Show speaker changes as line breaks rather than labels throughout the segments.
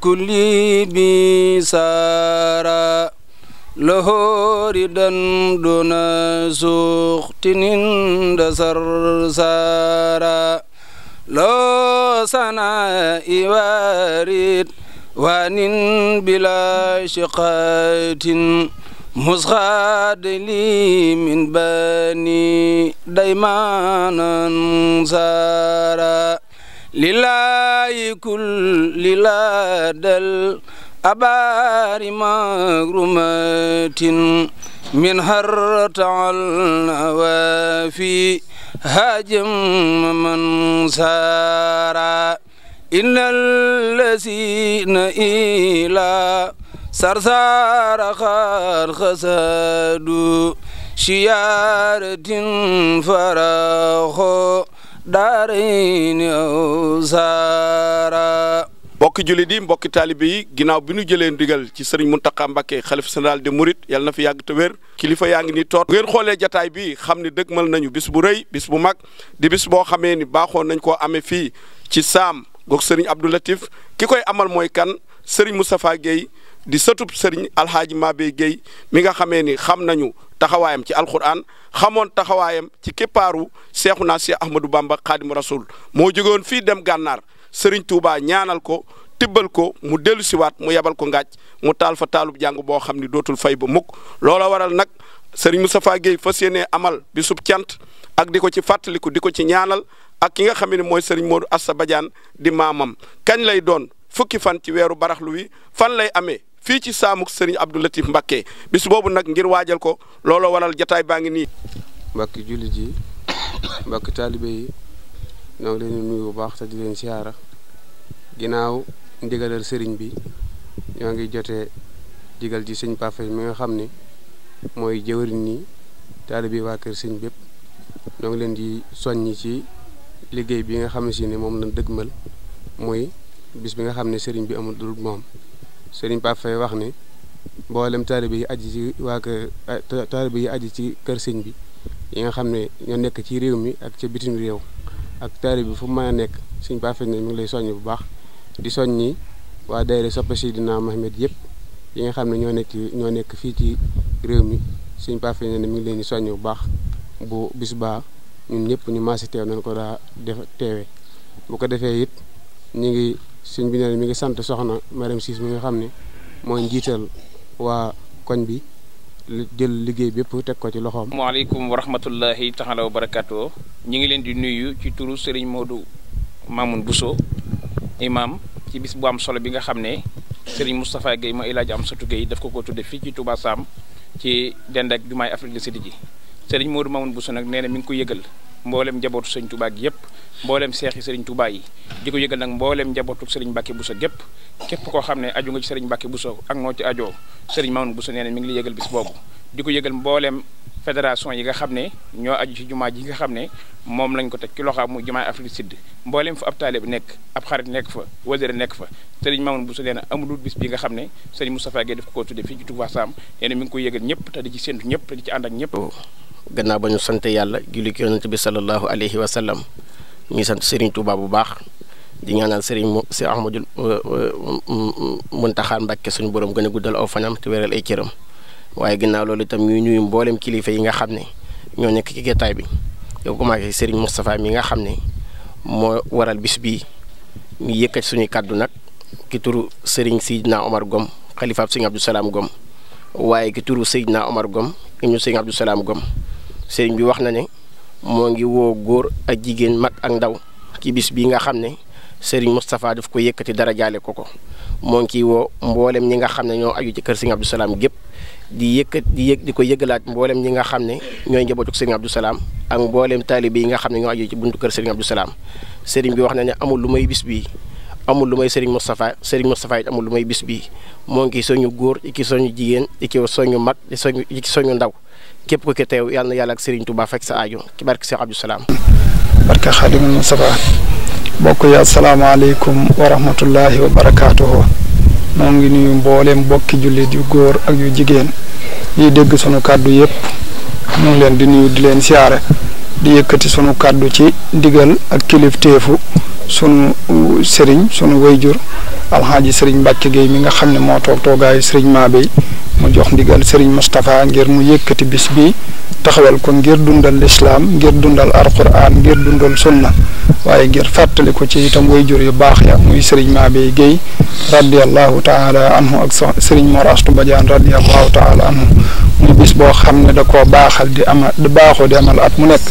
كل بسارا له ردا دون سخط سرسارا لو سنا وارد وان بلا شقات مسخاد لي من بني ديمان سارا لله كل لله الأبار مغرمات من هرت على النوافي هاجم من سارا إن الذين إلى سرسار خار خسادو شيارة
فرخو daarayni aw saara mbokki jullit yi mbokki taalibe yi ginnaaw bi nu jëlee ndigal ci sëriñ Mountakha Mbacké xalif général de murit yàlla na fi yàgg te wér kilifa yaa ngi ni toot ngeen xoolee jataay bi xam ni dëgmal nañu bis bu rëy bis bu mag di bis boo xamee ni baaxoon nañ koo amee fii ci saam goog sëriñ Abdou Latif ki koy amal mooy kan sëriñ Moustapha Guèye di sëtub sëriñ alxaaji Mabey Guèye mi nga xamee ni xam nañu taxawaayam ci alquran xamoon taxawaayam ci képpaaru seexu naa si Ahmadou Bamba xaadimu rasul moo jógoon fii dem gànnaar sëriñ Touba ñaanal ko tibbal ko mu dellu siwaat mu yebal ko ngaaj mu taal fa taalub jàng boo xam ni dootul fay ba mukk loola waral nag sëriñ Moustapha Guèye fas yéenee amal bisub cant ak di ko ci fàttaliku di ko ci ñaanal ak ki nga xam ne mooy sëriñ Modou Assa Badiane di maamam kañ lay doon fukki fan ci weeru baraxlu wi fan lay amee. fii ci saamuk sëriñ Abdou Latif Mbacké bis boobu nag ngir waajal ko looloo waral jataay baa ngi nii.
mbakk jullit yi mbakk taalibe yi ñoo leen di bu baax te di leen siyaara ginnaaw ndigalal sëriñ bi ñoo ngi jotee digal ji sëñ Pape mi nga xam ni mooy jëwriñ ni taalibe yi waa kër sëñ bépp ñoo ngi leen di soññi ci liggéey bi nga xam ne si ne moom lañ dëgmal muy bis bi nga xam ne sëriñ bi amul dul moom. sëriñ Pape Faye wax ni mboolem taalibe yi aj ci waa kër ah, taalibe yi aji ci kër sëñ bi yi nga xam ne ñoo nekk ci réew mi ak ci bitim réew ak taalibe bi fu mën a nekk suñ Pape Faye ne mi ngi lay soññ bu baax di soññi waa daayira soppe Seydina Mohamed yëpp yi nga xam ne ñoo nekk ñoo nekk fii ci réew mi sëriñ Pape Faye ne mi ngi leen di soññ bu baax bu bis baa ñun ñëpp ñu maasi teew nañ ko daa def teewee bu ko defee it ñu ngi sëñ bi nee mi ngi sant soxna Mariam Siis mi nga xam ne mooy njiital waa koñ bi jël liggéey bépp teg ko ci loxoom.
asalaamaaleykum wa rahmatullahi taala wa barakaatu ñi ngi leen di nuyu ci turu Serigne Modou Mamoun Bousso imam ci bis bu am solo bi nga xam ne Serigne Moustapha Guèye ma Ilaaji Amsatou Guèye daf ko ko tudde fii ci Touba Sam ci dend ak jumaay Afrique du Sud ji Serigne Modou Mamoun Bousso nag nee na mi ngi ko yëgal. mbooleem njabootu sëriñ Touba yëpp mboolem seex yi sëriñ Touba yi di ko yëgal nag mbooleem njabootu sëriñ Mbacke Bousso gépp képp koo xam ne aju nga ci sëriñ Mbacke Bousso ak noo ci ajoo sëriñ Mamoun Bousso nee na mi ngi lay yëgal bis boobu di ko yëgal mboolem fédération yi nga xam ne ñoo aju ci jumaa ji nga xam ne moom lañ ko teg ci loxo mu jumaa Afrique Sud mboolem fa ab nekk ab xarit nekk fa wëlëre nekk fa sëriñ Mamoun Bousso nee na amulul bis bi nga xam ne sëriñ Moustapha Gueye daf ko tudde fii ci Touba Sam nee mi ngi koy yëgal ñëpp te di ci séntu ñëpp te di ci ànd ak ñëpp oh. gannaaw ba ñu sant yàlla julli ci yonent bi sallallahu alayhi wa sallam ñuy sant sëriñ Touba bu baax di ñaanal Serigne si Ahmadul euh, euh, Muntaxa Mbàkke suñu borom gën a guddal aw fanam te wéral ay cëram waaye gannaaw loolu itam ñuy nuyu mboolem kilifa yi nga xam ne ñoo nekk ci gétaay bi yow commencé Serigne Moustapha mi nga xam ne moo waral bis bi ñu yëkkat suñuy kàddu nag ki turu Serigne Sidina Omar Gom xalifaab Serigne Abdou Salaam Gom waaye ki turu Seydina Omar Gom ñu Salaam Gom sëriñ bi wax na ne moo ngi woo góor ak jigéen mag ak ndaw ci bis bi nga xam ne sëriñ Moustapha daf ko yëkkati dara jaale ko ko moo ngi ciy woo mboolem ñi nga xam ne ñoo aju ci kër sëriñ Abdou Salaam gépp di yëkkat di di ko yëgalaat mboolem ñi nga xam ne ñooy njabootu sëriñ Abdou Salaam ak mboolem taalibe yi nga xam ne ñoo aju ci buntu kër sëriñ Abdou Salaam sëriñ bi wax na ne amul lu may bis bii. amul lu may Serigne Moustapha Serigne Moustapha it amul lu may bis bii moo ngi soñu góor ci soñu jigéen ci soñu mag ci soñu ci soñu ndaw képp ko ke yàlla na ak Serigne Touba fekk sa aaju ci barke Cheikh Abdou Salaam.
barke Xaadimu Mustafaa bokk yi asalaamaaleykum wa rahmatullahi wa barakaatuhu ngi nuyu mboolem bokki jullit yu góor ak yu jigéen yi dégg sunu kàddu yëpp ñu ngi leen di nuyu di leen siyaare di yëkkati sunu kàddu ci ndigal ak kilifteefu sunu sëriñ sunu wayjur alxaaji sëriñ Mbàkke Géey mi nga xam ne moo toog toogaayu sëriñ Mabéye jox ndigal Serigne Moustapha ngir mu yëkkati bis bi taxawal ko ngir dundal lislaam ngir dundal alquran ngir dundal sunna waaye ngir fàttali ko ci itam way jur yu baax ya muy sëriñ Mabey Guèye radiallahu taala anhu ak sëriñ Mor Astu Badiane radiallahu taala anhu muy bis boo xam ne da koo baaxal di ama di baaxoo di amal at mu nekk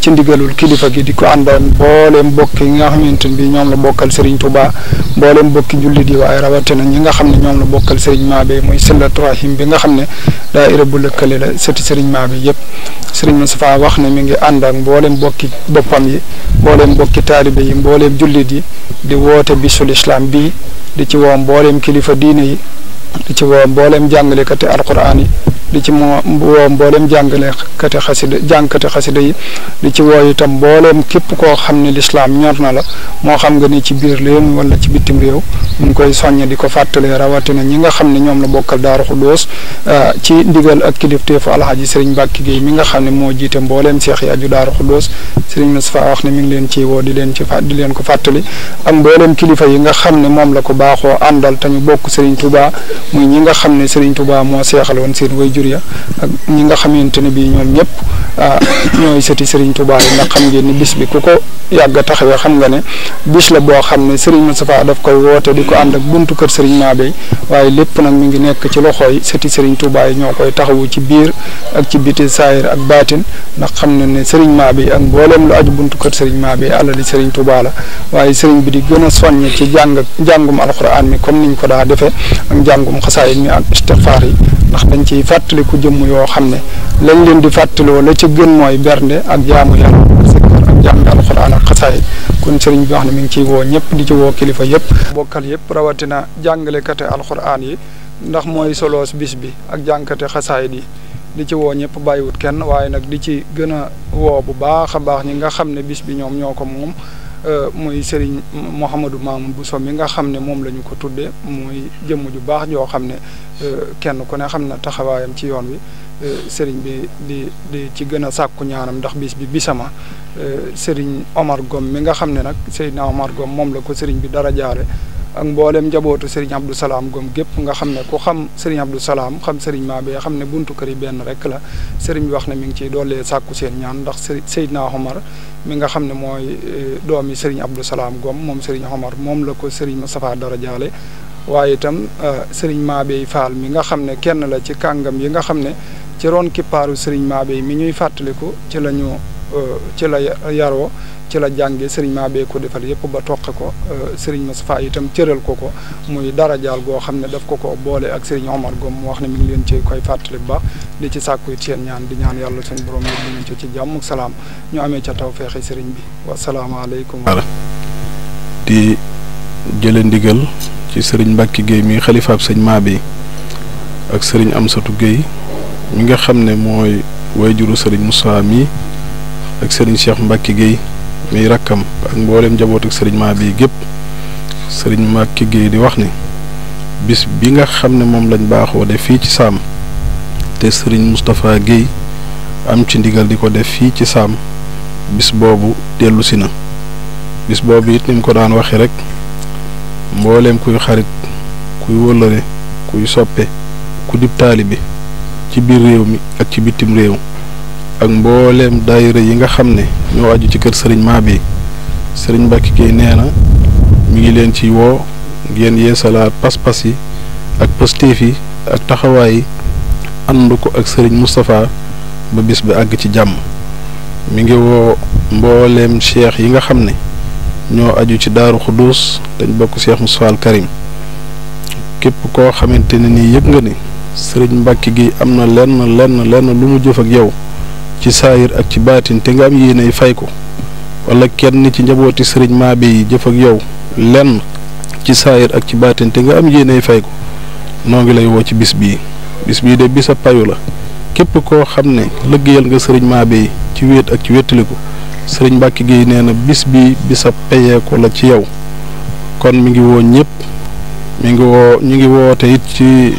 ci ndigalul kilifa gi di ko àndal mbooleem mbokk yi nga xamante ne bii ñoom la bokkal sëriñ Touba mbooleem mbokki julli yi waaye rawatina ñi nga xam ne ñoom la bokkal sëriñ Mabey muy sillat rahim bi nga xam ne daayira bu lëkkale la set sëriñ maa bi yëpp sëriñ Moustapha wax ne mi ngi ànd ak mbooleem bokki boppam yi mbooleem bokki taalibe yi mbooleem jullit yi di woote bisul islam bi di ci woo mbooleem kilifa diine yi di ci woo mbooleem jàngalekati alquran yi di ci mo woo jangale kete kati jang kete xasida yi di ci wo itam mboolem kep ko xam l'islam ñor na la mo xam nga ni ci bir leen wala ci bitim rew mu ngi koy soññ diko fatale rawati na ñi nga xam ñom la bokkal daru khudus ah, ci ndigal ak fu alhaji serigne bakki géey mi nga xam mo moo jiite cheikh seex yi aju daaru xudóos wax ne mi ngi leen ci wo di leen ci di leen ko fatali ak mbooleem kilifa yi nga xam mom la ko baxo andal tañu ñu bokk sëriñ Tuubaa muy ñi nga xam serigne touba mo xeexal won seen way Nuuriya ak ñi nga xamante ne bii ñoom ñëpp ah, ñooy sëti Serigne Touba yi ndax xam ngeen ni bis bi ku ko yàgg a taxawee xam nga ne bis la boo xam ne Serigne Moustapha daf koy woote di ko ànd ak buntu kër Serigne Mabey waaye lépp nag mi ngi nekk ci loxooy sëti Serigne Touba yi ñoo koy taxawu ci biir ak ci biti saayir ak baatin ndax xam na ne Serigne Mabey ak mboolem lu aju buntu kër Serigne Mabey alali Serigne Touba la waaye Serigne bi di gën a soññ ci jàng jàngum alxuraan mi comme niñ ko daa defee ak jàngum xasaayit mi ak istifaar yi ndax dañ ciy fàttaliku jëmm yoo xam ne lañ leen di fàttaloo la ci gën mooy bernde ak jaamu yàlla ak jàng alxuraan ak xasaay kon sëriñ bi wax ne mi ngi ciy woo ñëpp di ci woo kilifa yëpp bokkal yëpp rawatina jàngalekate alxuraan yi ndax mooy soloos bis bi ak jànkate xasaayit yi di ci woo ñëpp bàyyiwut kenn waaye nag di ci gën a woo bu baax a baax ñi nga xam ne bis bi ñoom ñoo ko moom Euh, muy Serigne Mouhamadou bu Bousso mi nga xam ne moom la ñu ko tuddee mooy jëmm ju baax joo xam ne euh, kenn ku ne xam na taxawaayam ci yoon wi euh, Serigne bi di di ci gën a sàkku ñaanam ndax bis bi bisama Serigne Omar Gom mi nga xam ne nag Seydina Omar Gom moom la ko Serigne bi dara jaare ak mboolem njabootu Serigne Abdou Salaam gom gépp nga xam ne ku xam Serigne Abdou Salaam xam Serigne Mabé xam ne buntu kër yi benn rek la Serigne bi wax ne mi ngi ciy doolee sàkku seen ñaan ndax Seydina Omar mi nga xam ne mooy eh, doomi Serigne Abdou Salaam gom moom Serigne Omar moom la ko Serigne Moustapha dara jaale waaye itam eh, Serigne Mabé Fall mi nga xam ne kenn la ci kàngam yi nga xam ne ci roon kippaaru Serigne Mabé mi ñuy fàttaliku ci la ñu Euh, ci la yaroo ci la jànge sëriñ maa bee ko defal yëpp ba toqe ko euh, sëriñ Moustapha itam cëral ko ko muy dara jaal goo xam ne daf ko ko boole ak sëriñ Omar Gom mu wax ne mi ngi leen ci koy fàttali bu di ci sàkku it seen ñaan di ñaan yàlla suñu borom yëpp dinañ ci ci jàmm ak salaam ñu amee ca taw feexi sëriñ bi wasalaamaaleykum.
di jële ndigal ci sëriñ Mbacke géey mi xalifaab sëñ maa bi ak sëriñ Amsatou Guèye mi nga xam ne mooy wayjuru sëriñ Moussa mii ak sëriñ Cheikh Mbacke Guèye muy rakkam ak mbooleem njaboot ak sëriñ maa bii gépp sëriñ Mbacke Guèye di wax ni bis bi nga xam ne moom lañ baaxoo def fii ci saam te sëriñ Moustapha Guèye am ci ndigal di ko def fii ci saam bis boobu dellusi na bis boobu it ni mu ko daan waxee rek mbooleem kuy xarit kuy wëllëre kuy soppe ku dib taali bi ci biir réew mi ak ci bitim réew ak mboolem dayre yi nga xam ne ñoo aju ci kër sëriñ maa bi sëriñ Mbàkke Gueye nee na mu ngi leen ci woo ngeen yeesalaat pas-pas yi ak postéef yi ak taxawaay yi ànd ko ak sëriñ Moustapha ba bis bi àgg ci jàmm mu ngi woo mbooleem cheikh yi nga xam ne ñoo aju ci daaru xudduus dañ bokk cheikh Moustapha al Karim képp koo xamante ne nii yëg nga ni sëriñ Mbàkke gi am na lenn lenn lenn lu mu jëf ak yow ci saayir ak ci baatin te nga am yéenay fay ko wala kenn ci njabooti sëriñ Mabé yi jëf ak yow lenn ci saayir ak ci baatin te nga am yéenay fay ko noo ngi lay woo ci bis bii bis bii de bisa payu la képp koo xam ne lëggéeyal nga sëriñ Mabé yi ci wéet ak ci ko sëriñ Mbàkke Géey nee na bis bii bisa payeeku la ci yow kon mi ngi woo ñëpp mi ngi woo ñu ngi woote it ci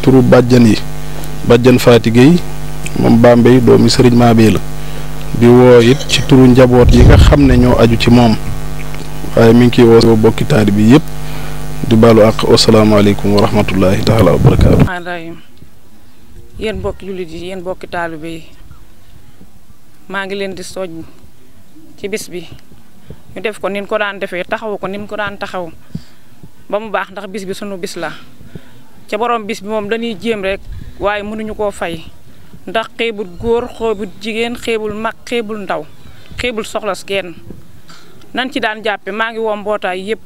turu bàjjan yi bàjjan Faati Géey bambe yi domi serigne Mabé la di wo it ci turu njabot yi nga xamne ño aju ci mom waaye mi ngi wo bokki taari bi yep di ak assalamu alaykum wa rahmatullahi taala wa
barakatuh yéen bok julit yi yéen bokki yi ma ngi len di sooj ci bis bi ñu def ko nin ko daan defé taxaw ko nin ko daan taxaw ba mu baax ndax bis bi sunu bis la ci borom bis bi mom dañuy jëm rek waye mënuñu ko fay. ndax xeebul góor xeebul jigéen xeebul mag xeebul ndaw xeebul soxlas kenn nan ci daan jàppe maa ngi woo mbootaay yëpp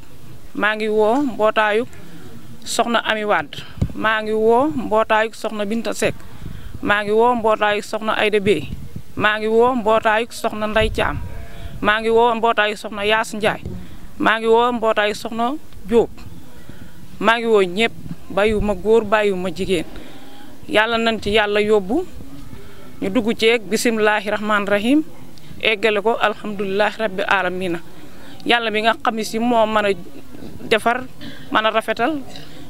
maa ngi woo mbootaayu soxna Ami maa ngi woo mbootaayu soxna Binta Seck maa ngi woo mbootaayu soxna Ayda Bey maa ngi woo mbootaayu soxna Ndey Caam maa ngi woo mbootaayu soxna Yaas Njaay maa ngi woo mbootaayu soxna Jóob maa ngi woo ñëpp bàyyiwuma góor bàyyiwuma jigéen yàlla nañ ci yàlla yóbbu ñu dugg ceeg bisimilahi rahmaani rahim eggale ko alhamdulilah rabbi alamina yàlla mi nga xam ne si moo mën a defar mën a rafetal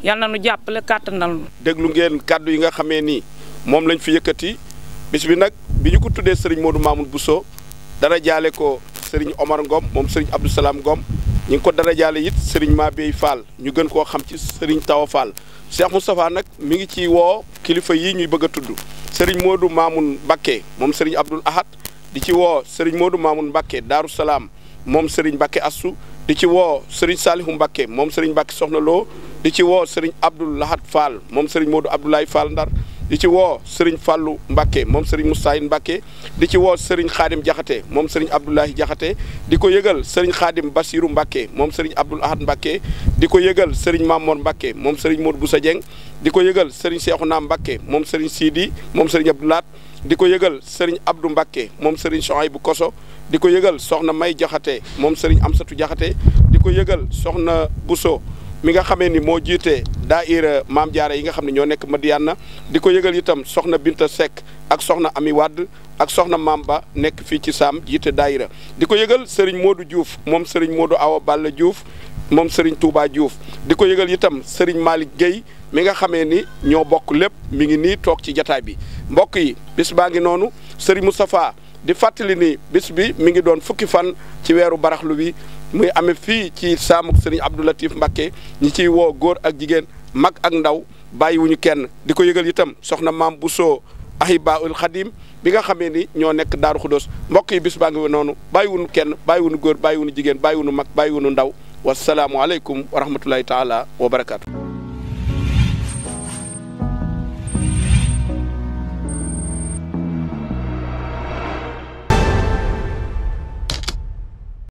yàlla na nu jàppale kàttanal nu.
ngeen kàddu yi nga xamee ni moom lañ fi bis bi nag bi ko tuddee sëriñ Modou Mamoun dara jaale ko sëriñ Omar Ngom mom sëriñ Abdou salam Ngom ñu ko dara jaale sering sëriñ Mabey Fall ñu gën koo xam ci sëriñ Tawa Fall Cheikh mi ngi ci wo kilifa yii ñuy bëgg sëriñ Modou Mamoun Mbakke moom sëriñ Abdoul Ahad di ci woo sëriñ Modou Mamoun Mbakke Daaru Salaam moom sëriñ Mbakke Assu di ci woo sëriñ Saalihu Mbakke moom sëriñ Mbakke Soxna Lo di ci woo sëriñ Abdoul Ahad Fall moom sëriñ Modou Abdoulaye Fall Ndar di ci woo sëriñ Fallou Mbacké moom sëriñ Moustahine Mbacké di ci woo sëriñ Khadim Diakhaté moom sëriñ Abdoulahi Diakhaté di ko yëgal sëriñ Khadim Bassirou Mbacké moom sëriñ Abdoul Ahad Mbacké di ko yëgal sëriñ Mamor Mbacké moom sëriñ Modou Boussa Dieng di ko yëgal sëriñ Cheikhouna Mbacké moom sëriñ Sidi moom sëriñ Abdoulaat di ko yëgal sëriñ Abdou Mbacké moom sëriñ Souhaïbou Koso di ko yëgal soxna May Diakhaté moom sëriñ Amsatou Diakhaté di ko yëgal soxna Bousso mi nga xamee ni moo jiite daaira maam jaare yi nga xam ne ñoo nekk na di ko yëgal itam soxna Binta Seck ak soxna Ami Wade ak soxna maam ba nekk fii ci Saam jiite daaira di ko yëgal Serigne moodu Diouf moom Serigne Modou Awa Balla Diouf moom sëriñ Touba Diouf di ko yëgal itam Serigne Malick Gueye mi nga xamee ni ñoo bokk lépp mi ngi nii toog ci jataay bi mbokk yi bis baa ngi noonu Serigne Moustapha di fàttali ni bis bi mi ngi doon fukki fan ci weeru baraxlu wi muy amee fii ci saamuk sëriñ Abdou Latif Mbacké ñi ciy woo góor ak jigéen mag ak ndaw bàyyiwuñu kenn di ko yëgal itam soxna maam Bousso Ahibaul Khadim bi nga xamee ni ñoo nekk Daaru Xuddos mbokk yi bis baa ngi noonu bàyyiwuñu kenn bàyyiwuñu góor bàyyiwuñu jigéen wu bàyyiwuñu mag bàyyiwuñu ndaw wasalaamualeykum wa rahmatullahi taala wa barakaatu.